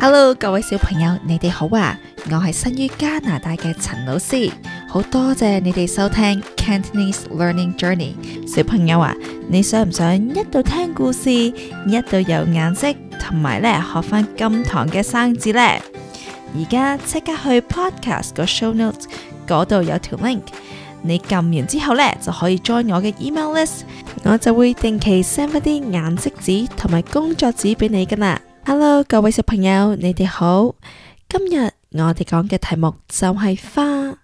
Hello，各位小朋友，你哋好啊！我係生於加拿大嘅陳老師，好多謝你哋收聽 Cantonese Learning Journey。小朋友啊，你想唔想一度聽故事，一度有顏色，同埋咧學翻今堂嘅生字呢？而家即刻去 Podcast 個 Show Notes 嗰度有條 link，你撳完之後咧就可以 join 我嘅 email list，我就會定期 send 一啲顏色紙同埋工作紙俾你噶啦。Hello，各位小朋友，你哋好。今日我哋講嘅題目就係花。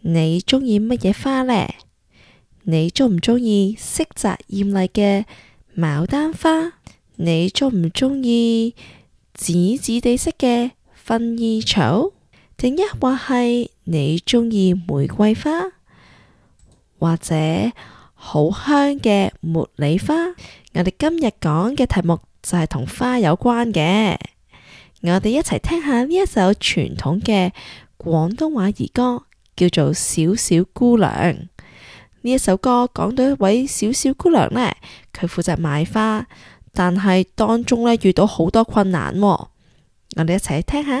你鍾意乜嘢花呢？你鍾唔鍾意色澤艷麗嘅牡丹花？你鍾唔鍾意紫紫地色嘅薰衣草？定抑或係你鍾意玫瑰花，或者好香嘅茉莉花？我哋今日講嘅題目，就係同花有關嘅，我哋一齊聽下呢一首傳統嘅廣東話兒歌，叫做《小小姑娘》。呢一首歌講到一位小小姑娘呢，佢負責賣花，但係當中呢遇到好多困難喎。我哋一齊聽下。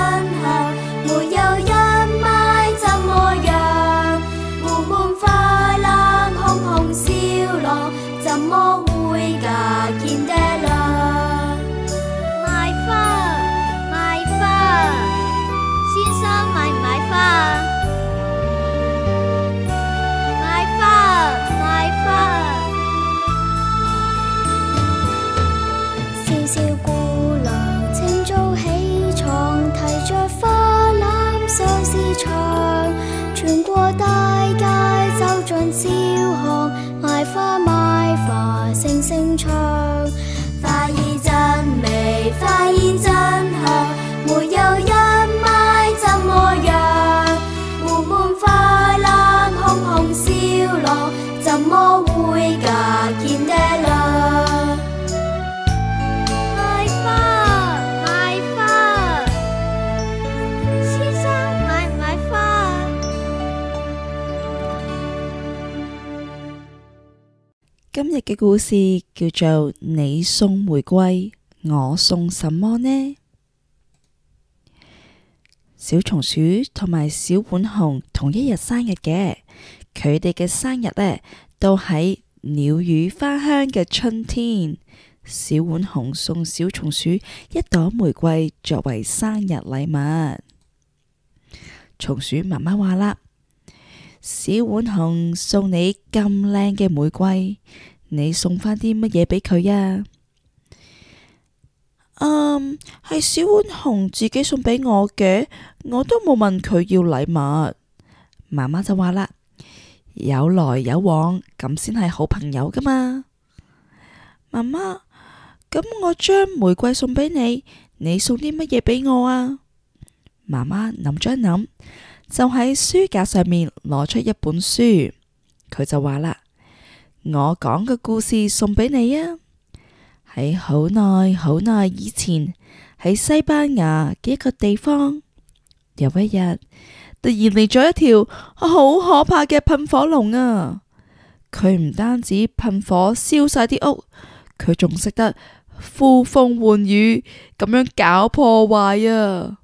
聲聲唱，花兒真美，花兒。今日嘅故事叫做《你送玫瑰，我送什麼呢》。小松鼠同埋小浣熊同一日生日嘅，佢哋嘅生日呢都喺鳥語花香嘅春天。小浣熊送小松鼠一朵玫瑰作為生日禮物。松鼠媽媽話啦：小浣熊送你咁靚嘅玫瑰。你送返啲乜嘢俾佢啊？嗯，係小浣熊自己送俾我嘅，我都冇問佢要禮物。媽媽就話啦，有來有往咁先係好朋友噶嘛。媽媽，咁我將玫瑰送俾你，你送啲乜嘢俾我啊？媽媽諗咗一諗，就喺書架上面攞出一本書，佢就話啦。我講個故事送俾你啊！喺好耐好耐以前，喺西班牙嘅一個地方，有一日突然嚟咗一條好可怕嘅噴火龍啊！佢唔單止噴火燒晒啲屋，佢仲識得呼風喚雨咁樣搞破壞啊！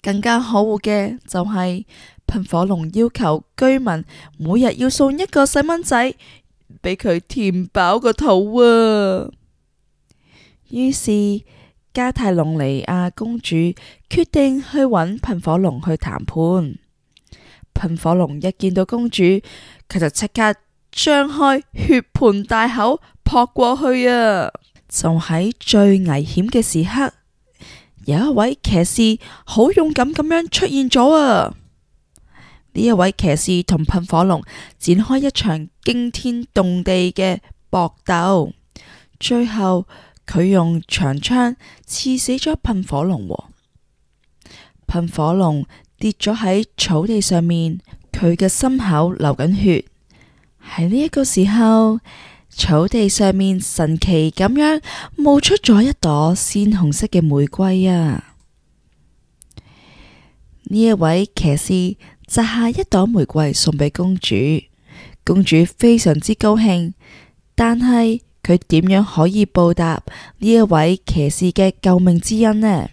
更加可惡嘅就係、是、～噴火龍要求居民每日要送一個細蚊仔俾佢填飽個肚啊。於是加泰隆尼亞公主決定去搵噴火龍去談判。噴火龍一見到公主，佢就即刻張開血盆大口撲過去啊！就喺最危險嘅時刻，有一位騎士好勇敢咁樣出現咗啊！呢一位騎士同噴火龍展開一場驚天動地嘅搏鬥，最後佢用長槍刺死咗噴火龍。噴火龍跌咗喺草地上面，佢嘅心口流緊血。喺呢一個時候，草地上面神奇咁樣冒出咗一朵鮮紅色嘅玫瑰啊！呢一位騎士。摘下一朵玫瑰送俾公主，公主非常之高興。但係佢點樣可以報答呢一位騎士嘅救命之恩呢？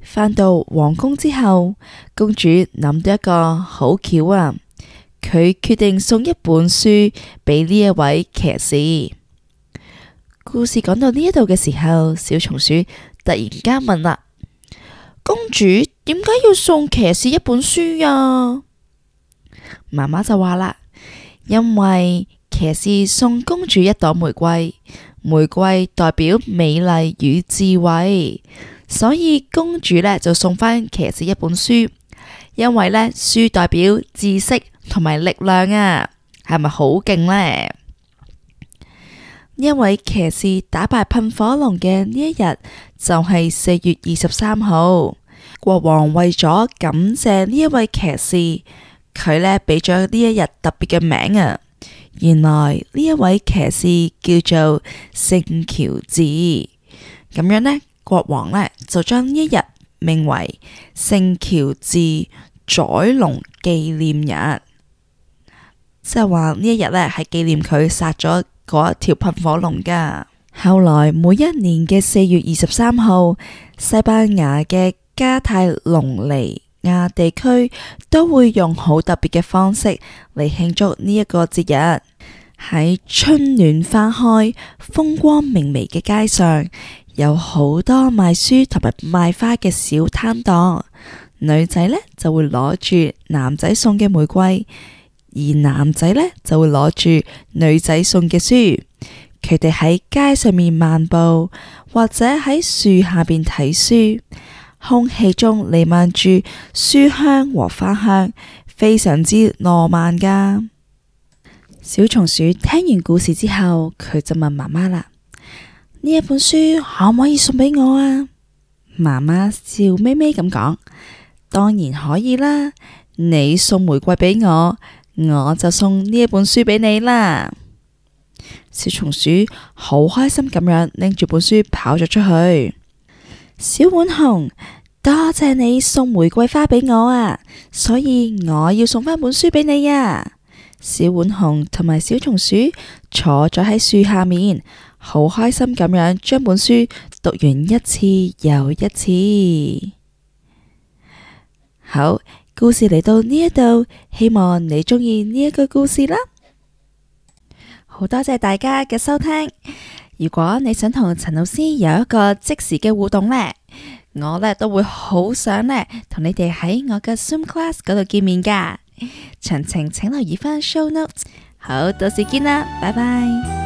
返到皇宮之後，公主諗到一個好巧啊，佢決定送一本書俾呢一位騎士。故事講到呢一度嘅時候，小松鼠突然間問啦。公主點解要送騎士一本書呀？媽媽就話啦，因為騎士送公主一朵玫瑰，玫瑰代表美麗與智慧，所以公主呢就送返騎士一本書，因為呢書代表知識同埋力量啊，係咪好勁呢？呢一位騎士打敗噴火龍嘅呢一日就係四月二十三號。國王為咗感謝呢一位騎士，佢呢俾咗呢一日特別嘅名啊。原來呢一位騎士叫做聖喬治，咁樣呢，國王呢就將呢一日命為聖喬治宰龍紀念日，即係話呢一日呢係紀念佢殺咗。嗰一條噴火龍噶，後來每一年嘅四月二十三號，西班牙嘅加泰隆尼亞地區都會用好特別嘅方式嚟慶祝呢一個節日。喺春暖花開、風光明媚嘅街上，有好多賣書同埋賣花嘅小攤檔，女仔呢就會攞住男仔送嘅玫瑰。而男仔呢，就會攞住女仔送嘅書，佢哋喺街上面漫步，或者喺樹下邊睇書，空氣中彌漫住書香和花香，非常之浪漫噶。小松鼠聽完故事之後，佢就問媽媽啦：呢一本書可唔可以送俾我啊？媽媽笑眯眯咁講：當然可以啦，你送玫瑰俾我。我就送呢一本書俾你啦。小松鼠好開心咁樣拎住本書跑咗出去。小碗紅，多謝你送玫瑰花俾我啊，所以我要送翻本書俾你啊。小碗紅同埋小松鼠坐咗喺樹下面，好開心咁樣將本書讀完一次又一次。好。故事嚟到呢一度，希望你中意呢一個故事啦。好多謝大家嘅收聽。如果你想同陳老師有一個即時嘅互動呢，我呢都會好想呢同你哋喺我嘅 Zoom class 嗰度見面㗎。詳情請留意返 show notes。好，到時見啦，拜拜。